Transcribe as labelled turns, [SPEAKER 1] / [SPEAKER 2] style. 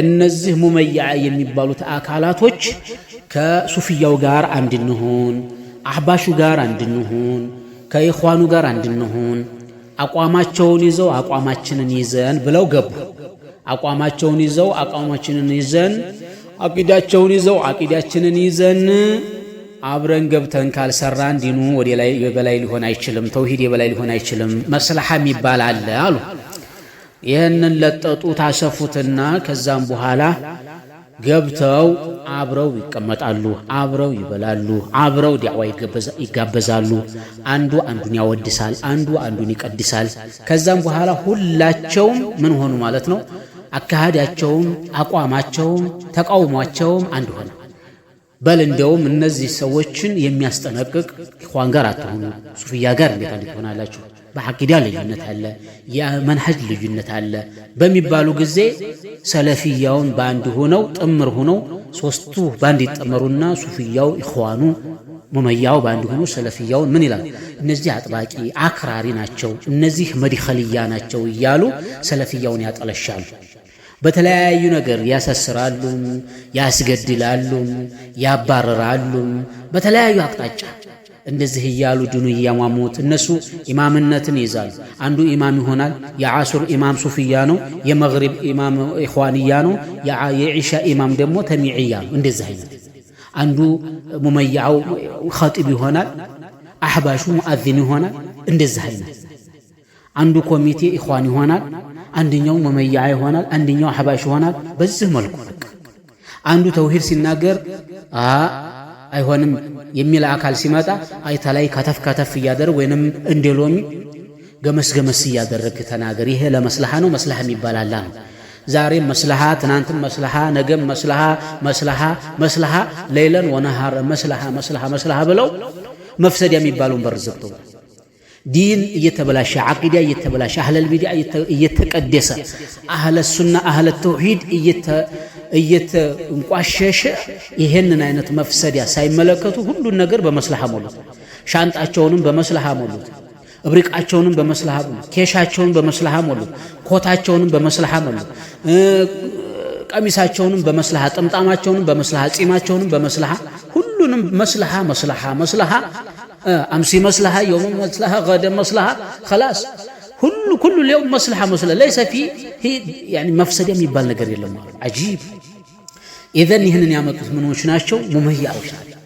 [SPEAKER 1] እነዚህ ሙመያ የሚባሉት አካላቶች ከሱፍያው ጋር አንድንሁን፣ አህባሹ ጋር አንድንሁን፣ ከኢኽዋኑ ጋር አንድንሁን፣ አቋማቸውን ይዘው አቋማችንን ይዘን ብለው ገቡ። አቋማቸውን ይዘው አቋማችንን ይዘን፣ አቂዳቸውን ይዘው አቂዳችንን ይዘን አብረን ገብተን ካልሰራን ዲኑ ወደ ላይ የበላይ ሊሆን አይችልም፣ ተውሂድ የበላይ ሊሆን አይችልም፣ መስልሓ የሚባል አለ አሉ። ይህንን ለጠጡ ታሰፉትና ከዛም በኋላ ገብተው አብረው ይቀመጣሉ፣ አብረው ይበላሉ፣ አብረው ዲዕዋ ይጋበዛሉ። አንዱ አንዱን ያወድሳል፣ አንዱ አንዱን ይቀድሳል። ከዛም በኋላ ሁላቸውም ምን ሆኑ ማለት ነው? አካሄዳቸውም፣ አቋማቸውም፣ ተቃውሟቸውም አንድ ሆነ። በል እንደውም እነዚህ ሰዎችን የሚያስጠነቅቅ ኢኽዋን ጋር አትሆኑ፣ ሱፍያ ጋር እንዴት ትሆናላችሁ? በዐቂዳ ልዩነት አለ፣ የመንሐጅ ልዩነት አለ በሚባሉ ጊዜ ሰለፊያውን በአንድ ሆነው ጥምር ሆነው ሶስቱ በአንድ ይጠመሩና ሱፍያው፣ ኢኽዋኑ፣ ሙመያው በአንድ ሆኖ ሰለፊያውን ምን ይላል? እነዚህ አጥባቂ አክራሪ ናቸው፣ እነዚህ መድኸልያ ናቸው እያሉ ሰለፊያውን ያጠለሻሉ። በተለያዩ ነገር ያሳስራሉም፣ ያስገድላሉም፣ ያባረራሉም በተለያዩ አቅጣጫ እንደዚህ እያሉ ድኑ እያሟሙት እነሱ ኢማምነትን ይዛሉ። አንዱ ኢማም ይሆናል። የዓሱር ኢማም ሱፍያ ነው። የመግሪብ ኢማም ኢኽዋንያ ነው። የዒሻ ኢማም ደግሞ ተሚዕያ ነው። እንደዚህ አይነት አንዱ ሙመያው ኸጢብ ይሆናል። አሕባሹ ሙአዚን ይሆናል። እንደዚህ አይነት አንዱ ኮሚቴ ኢኽዋን ይሆናል። አንደኛው ሙመያ ይሆናል። አንደኛው አሕባሽ ይሆናል። በዚህ መልኩ አንዱ ተውሂድ ሲናገር አይሆንም የሚል አካል ሲመጣ አይታ ላይ ከተፍ ከተፍ እያደር ወይንም እንደ ገመስ ገመስ እያደረግ ተናገር። ይሄ ለመስልሃ ነው። መስልሃ የሚባላላ ነው። ዛሬም መስልሃ፣ ትናንትም መስልሃ፣ ነገም መስልሃ፣ መስልሃ፣ መስልሃ ሌለን ወነሃር መስልሃ፣ መስልሃ፣ መስልሃ ብለው መፍሰድ የሚባለውን በር ዘግተው ዲን እየተበላሸ አቂዳ እየተበላሸ አህለል ቢድዓ እየተቀደሰ አህለ ሱና አህለ ተውሂድ እየተንቋሸሸ ይሄንን አይነት መፍሰዲያ ሳይመለከቱ ሁሉን ነገር በመስልሃ ሞሉት። ሻንጣቸውንም በመስልሃ ሞሉት። እብሪቃቸውንም በመስልሃ ሞሉት። ኬሻቸውን በመስልሃ ሞሉት። ኮታቸውንም በመስልሃ ሞሉት። ቀሚሳቸውንም በመስልሃ፣ ጥምጣማቸውንም በመስልሃ፣ ጺማቸውንም በመስልሃ ሁሉንም መስልሃ መስልሃ መስልሃ آه، أمسي مصلحة يوم مصلحة غدا مصلحة خلاص كل كل اليوم مصلحة مصلحة ليس في هي يعني مفسدة يبال نجر يلم عجيب إذا هنا يا مكتمنوش ناشو ممهي أوش